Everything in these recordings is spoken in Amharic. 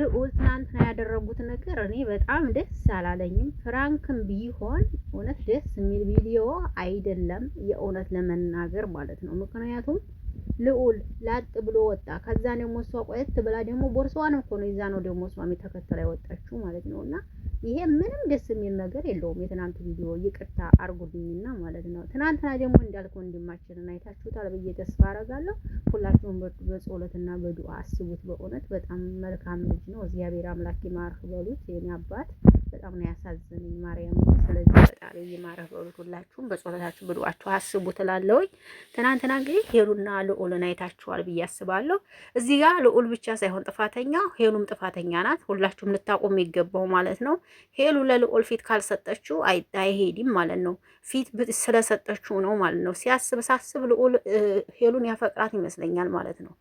ልዑል ትናንትና ያደረጉት ነገር እኔ በጣም ደስ አላለኝም። ፍራንክም ቢሆን እውነት ደስ የሚል ቪዲዮ አይደለም፣ የእውነት ለመናገር ማለት ነው። ምክንያቱም ልዑል ላጥ ብሎ ወጣ። ከዛ ደግሞ እሷ ቆየት ብላ ደግሞ ቦርሳዋን እኮ ነው ይዛ ነው ደግሞ እሷም የተከተለ ያወጣችው ማለት ነው እና ይሄ ምንም ደስ የሚል ነገር የለውም። የትናንት ቪዲዮ ይቅርታ አርጉልኝና ማለት ነው። ትናንትና ደግሞ እንዳልኩ ወንድማችንን አይታችሁታል ብዬ ተስፋ አረጋለሁ። ሁላችሁም በጸሎትና በዱዓ አስቡት። በእውነት በጣም መልካም ልጅ ነው። እግዚአብሔር አምላክ ይማር በሉት የኔ አባት በጣም ነው ያሳዝነኝ ማርያም። ስለዚህ ፈጣሪ ይማረህ በሉት። ሁላችሁም በጸሎታችሁ በዱዓችሁ አስቡ ትላለሁኝ። ትናንትና እንግዲህ ሄሉና ልዑልን አይታችኋል ብዬ አስባለሁ። እዚህ ጋር ልዑል ብቻ ሳይሆን ጥፋተኛ ሄሉም ጥፋተኛ ናት። ሁላችሁም ልታውቁ የሚገባው ማለት ነው። ሄሉ ለልዑል ፊት ካልሰጠችው አይሄድም ማለት ነው። ፊት ስለሰጠችው ነው ማለት ነው። ሲያስብ ሳስብ ልዑል ሄሉን ያፈቅራት ይመስለኛል ማለት ነው።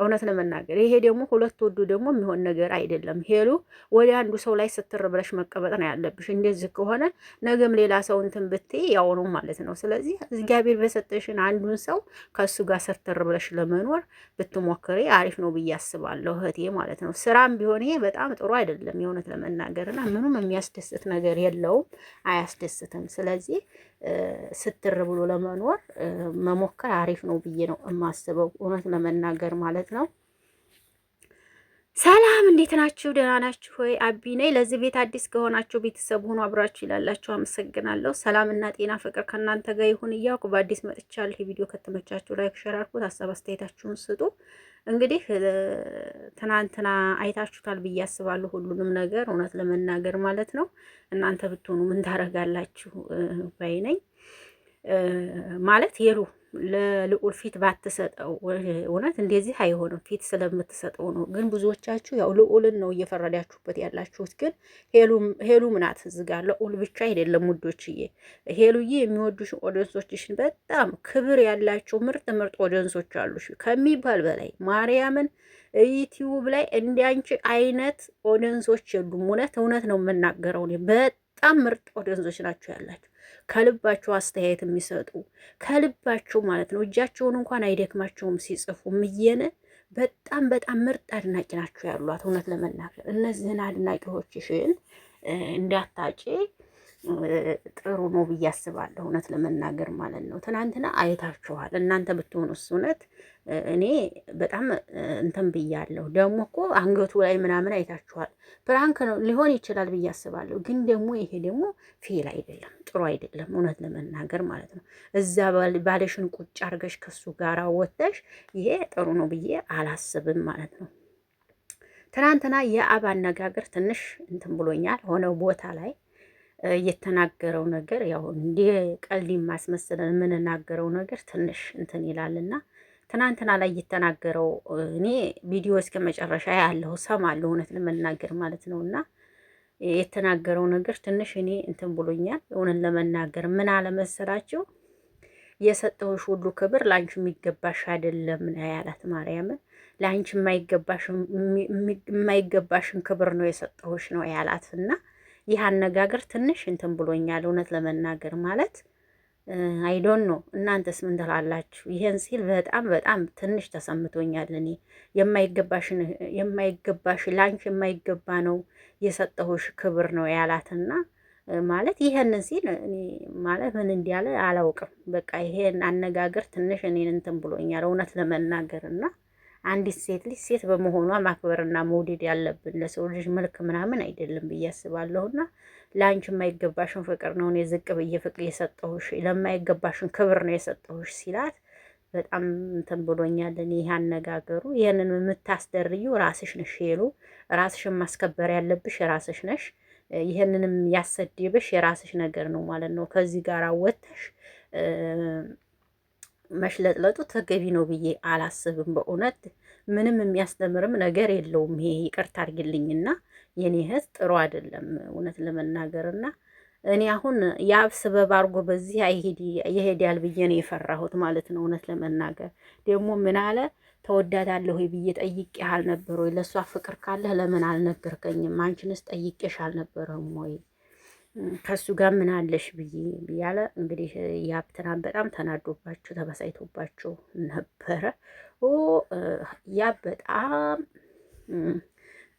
እውነት ለመናገር ይሄ ደግሞ ሁለት ወዱ ደግሞ የሚሆን ነገር አይደለም። ሄሉ ወደ አንዱ ሰው ላይ ስትር ብለሽ መቀበጥ ነው ያለብሽ። እንደዚህ ከሆነ ነገም ሌላ ሰው እንትን ብትይ ያው ነው ማለት ነው። ስለዚህ እግዚአብሔር በሰጠሽን አንዱን ሰው ከእሱ ጋር ስትር ብለሽ ለመኖር ብትሞክሪ አሪፍ ነው ብዬ አስባለሁ እህቴ ማለት ነው። ስራም ቢሆን ይሄ በጣም ጥሩ አይደለም የእውነት ለመናገርና ምኑም የሚያስደስት ነገር የለውም፣ አያስደስትም። ስለዚህ ስትር ብሎ ለመኖር መሞከር አሪፍ ነው ብዬ ነው የማስበው፣ እውነት ለመናገር ማለት ነው። ሰላም እንዴት ናችሁ? ደህና ናችሁ ወይ? አቢ ነኝ። ለዚህ ቤት አዲስ ከሆናችሁ ቤተሰብ ሆኖ አብራችሁ ይላላችሁ። አመሰግናለሁ። ሰላም እና ጤና ፍቅር ከእናንተ ጋር ይሁን እያልኩ በአዲስ መጥቻለሁ። ቪዲዮ ከተመቻችሁ ላይክ፣ ሸር አድርጉት። ሀሳብ አስተያየታችሁን ስጡ። እንግዲህ ትናንትና አይታችሁታል ብዬ አስባለሁ፣ ሁሉንም ነገር እውነት ለመናገር ማለት ነው። እናንተ ብትሆኑ ምን ታደርጋላችሁ ባይ ነኝ ማለት የሉ ለልዑል ፊት ባትሰጠው እውነት እንደዚህ አይሆንም። ፊት ስለምትሰጠው ነው። ግን ብዙዎቻችሁ ያው ልዑልን ነው እየፈረዳችሁበት ያላችሁት። ግን ሄሉ ናት እዚህ ልዑል ብቻ አይደለም ውዶችዬ። ሄሉዬ የሚወዱሽን ኦደንሶችሽን በጣም ክብር ያላቸው ምርጥ ምርጥ ኦደንሶች አሉሽ ከሚባል በላይ ማርያምን ዩቲዩብ ላይ እንዲያንቺ አይነት ኦደንሶች የሉም። እውነት እውነት ነው የምናገረው። በጣም ምርጥ ኦደንሶች ናቸው ያላቸው ከልባቸው አስተያየት የሚሰጡ ከልባቸው ማለት ነው። እጃቸውን እንኳን አይደክማቸውም ሲጽፉ ምየነ በጣም በጣም ምርጥ አድናቂ ናቸው ያሏት። እውነት ለመናገር እነዚህን አድናቂዎችሽን እንዳታጭ ጥሩ ነው ብዬ አስባለሁ። እውነት ለመናገር ማለት ነው። ትናንትና አይታችኋል። እናንተ ብትሆኑስ? እውነት እኔ በጣም እንትን ብያለሁ። ደግሞ እኮ አንገቱ ላይ ምናምን አይታችኋል። ፕራንክ ነው ሊሆን ይችላል ብዬ አስባለሁ። ግን ደግሞ ይሄ ደግሞ ፌል አይደለም፣ ጥሩ አይደለም። እውነት ለመናገር ማለት ነው። እዛ ባለሽን ቁጭ አርገሽ ከሱ ጋር ወተሽ ይሄ ጥሩ ነው ብዬ አላስብም ማለት ነው። ትናንትና የአብ አነጋገር ትንሽ እንትን ብሎኛል። ሆነው ቦታ ላይ የተናገረው ነገር ያው እንደ ቀልድ ማስመስለን የምንናገረው ነገር ትንሽ እንትን ይላልና ትናንትና ላይ የተናገረው እኔ ቪዲዮ እስከ መጨረሻ ያለው ሰማለሁ እውነት ለመናገር ማለት ነው። እና የተናገረው ነገር ትንሽ እኔ እንትን ብሎኛል። እውነት ለመናገር ምን አለመሰላቸው የሰጠሁሽ ሁሉ ክብር ለአንቺ የሚገባሽ አይደለም ነው ያላት። ማርያምን ለአንቺ የማይገባሽን ክብር ነው የሰጠሁሽ ነው ያላት እና ይህ አነጋገር ትንሽ እንትን ብሎኛል፣ እውነት ለመናገር ማለት አይዶን ነው። እናንተስ ምን ትላላችሁ? ይሄን ሲል በጣም በጣም ትንሽ ተሰምቶኛል። እኔ የማይገባሽን የማይገባሽ ላንች የማይገባ ነው የሰጠሁሽ ክብር ነው ያላትና ማለት ይሄንን ሲል ማለት ምን እንዲያለ አላውቅም። በቃ ይሄን አነጋገር ትንሽ እኔን እንትን ብሎኛል እውነት ለመናገር እና አንዲት ሴት ልጅ ሴት በመሆኗ ማክበርና መውደድ ያለብን ለሰው ልጅ መልክ ምናምን አይደለም ብዬ አስባለሁና ለአንቺ የማይገባሽን ፍቅር ነው እኔ ዝቅ ብዬ ፍቅር የሰጠሁሽ ለማይገባሽን ክብር ነው የሰጠሁሽ ሲላት በጣም እንትን ብሎኛለን። ይህ አነጋገሩ ይህንን የምታስደርዩ ራስሽ ነሽ ሄሉ፣ ራስሽን ማስከበር ያለብሽ የራስሽ ነሽ። ይህንንም ያሰደበሽ የራስሽ ነገር ነው ማለት ነው። ከዚህ ጋር ወጥተሽ መሽለጥለጡ ተገቢ ነው ብዬ አላስብም። በእውነት ምንም የሚያስተምርም ነገር የለውም። ይሄ ይቅርታ አድርግልኝና የኔ እህት ጥሩ አይደለም እውነት ለመናገርና እኔ አሁን የአብ ስበብ አድርጎ በዚህ ይሄዳል ብዬ ነው የፈራሁት ማለት ነው። እውነት ለመናገር ደግሞ ምን አለ ተወዳዳለሁ ብዬ ጠይቄህ አልነበረ ወይ? ለእሷ ፍቅር ካለህ ለምን አልነገርከኝም? አንቺንስ ጠይቄሽ አልነበረም ወይ? ከሱ ጋር ምን አለሽ ብዬ እያለ እንግዲህ ያብትናን በጣም ተናዶባቸው ተበሳይቶባቸው ነበረ። ኦ ያ በጣም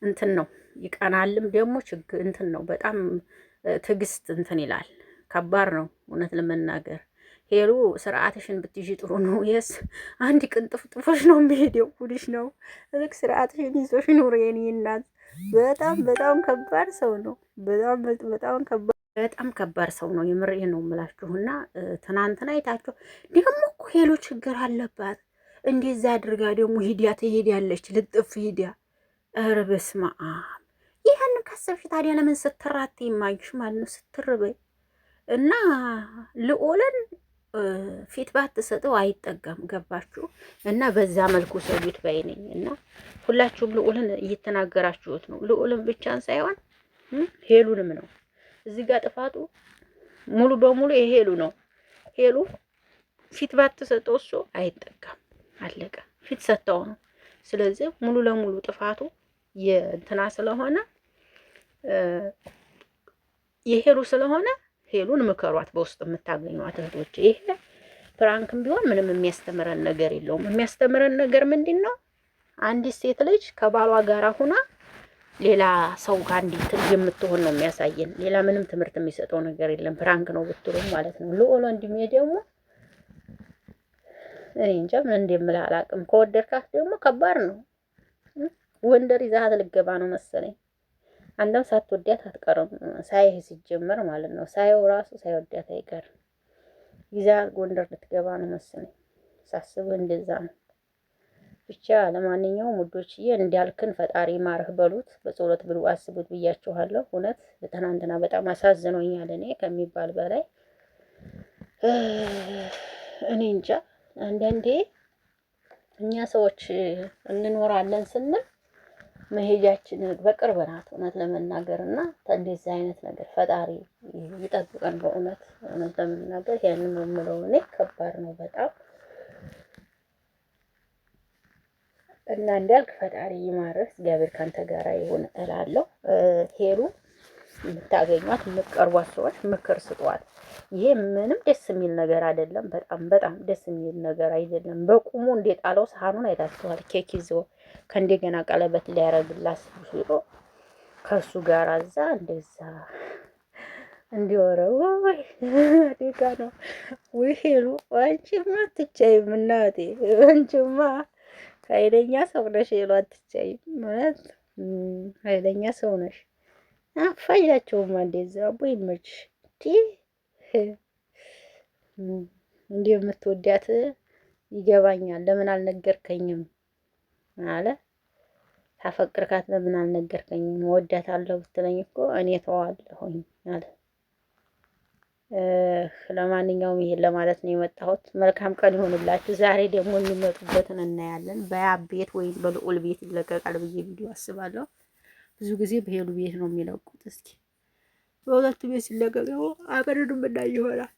እንትን ነው ይቀናልም ደግሞ ችግር እንትን ነው በጣም ትዕግስት እንትን ይላል። ከባድ ነው እውነት ለመናገር ሄሉ ስርዓትሽን ብትይዥ ጥሩ ነው። የስ አንድ ቅንጥፍጥፎች ነው የሚሄደው ሁልሽ ነው ልክ ስርዓትሽን ይዞሽ ኑር የኔ እናት በጣም በጣም ከባድ ሰው ነው። በጣም በጣም ከባድ በጣም ከባድ ሰው ነው። የምርኤ ነው የምላችሁና ትናንትና አይታችሁ ደግሞ እኮ ሄሎ ችግር አለባት እንደዛ አድርጋ ደግሞ ሂዲያ ትሄዳለች ልጥፍ ሂዲያ ኧረ በስመ አብ ይህንን ካሰብሽ ታዲያ ለምን ስትራት የማይሽ ማለት ነው ስትርበይ እና ልኦለን ፊት ባትሰጠው አይጠጋም። ገባችሁ? እና በዛ መልኩ ሰዩት በይነኝ እና ሁላችሁም ልዑልን እየተናገራችሁት ነው። ልዑልን ብቻን ሳይሆን ሄሉንም ነው። እዚህ ጋር ጥፋቱ ሙሉ በሙሉ የሄሉ ነው። ሄሉ ፊት ባትሰጠው እሱ አይጠጋም። አለቀ። ፊት ሰጠው ነው። ስለዚህ ሙሉ ለሙሉ ጥፋቱ የእንትና ስለሆነ የሄሉ ስለሆነ ሄሉን ምከሯት። በውስጥ የምታገኟት እህቶች ይሄ ፕራንክም ቢሆን ምንም የሚያስተምረን ነገር የለውም። የሚያስተምረን ነገር ምንድን ነው? አንዲት ሴት ልጅ ከባሏ ጋር ሁና ሌላ ሰው ጋር እንዴት የምትሆን ነው የሚያሳየን። ሌላ ምንም ትምህርት የሚሰጠው ነገር የለም። ፕራንክ ነው ብትሉም ማለት ነው። ልዑል ወንድሜ ደግሞ እኔ እንጃ ምን እንደምልህ አላውቅም። ከወደድካት ደግሞ ከባድ ነው። ወንደር ይዛሀት ልገባ ነው መሰለኝ አንተም ሳትወዳት አትቀርም። ሳይህ ሲጀመር ማለት ነው። ሳየው ራሱ ሳይወዳት አይቀርም። ይዛ ጎንደር ልትገባ ነው መሰለኝ። ሳስብ እንደዛ ነው። ብቻ ለማንኛውም ውዶችዬ እንዳልክን ፈጣሪ ማርህ በሉት፣ በጸሎት ብሉ፣ አስቡት ብያችኋለሁ። እውነት ትናንትና በጣም አሳዝኖኛል። እኔ ከሚባል በላይ እኔ እንጃ። አንዳንዴ እኛ ሰዎች እንኖራለን ስንል መሄጃችን በቅርብ ናት እውነት ለመናገር እና እንደዚህ አይነት ነገር ፈጣሪ ይጠብቀን። በእውነት እውነት ለመናገር ያንን የምለው እኔ ከባድ ነው በጣም እና እንዲያልክ ፈጣሪ ይማርህ፣ እግዚአብሔር ካንተ ጋራ ይሁን እላለሁ ሄሉ የምታገኟት የምትቀርቧት ሰዎች ምክር ስጧት። ይሄ ምንም ደስ የሚል ነገር አይደለም። በጣም በጣም ደስ የሚል ነገር አይደለም። በቁሙ እንደጣለው ሳህኑን አይታችኋል። ኬክ ይዞ ከእንደገና ቀለበት ሊያረግላት ሲሎ ከእሱ ጋር እዛ እንደዛ እንዲወረ ወይ አደጋ ነው። ውይ ሄሉ አንቺማ አትቻይም እናቴ፣ አንቺማ ኃይለኛ ሰው ነሽ ሄሉ፣ አትቻይም ማለት ኃይለኛ ሰው ነሽ። አፋዣቸውም አንዴ እዛ አቦ ይመችሽ እንዴ የምትወዳት ይገባኛል። ለምን አልነገርከኝም አለ። ታፈቅርካት ለምን አልነገርከኝም? ወዳት ብትለኝ እኮ እኔ ተዋለሁኝ አለ። ለማንኛውም ይሄን ለማለት ነው የመጣሁት። መልካም ቀን ይሆንላችሁ። ዛሬ ደግሞ የሚመጡበትን እናያለን። በያ ቤት ወይም በልዑል ቤት ይለቀቃል ብዬ ቪዲዮ አስባለሁ። ብዙ ጊዜ በሄሉ ቤት ነው የሚለቁት። እስኪ በሁለቱ ቤት ሲለቀቀው አብረን የምናይ ይሆናል።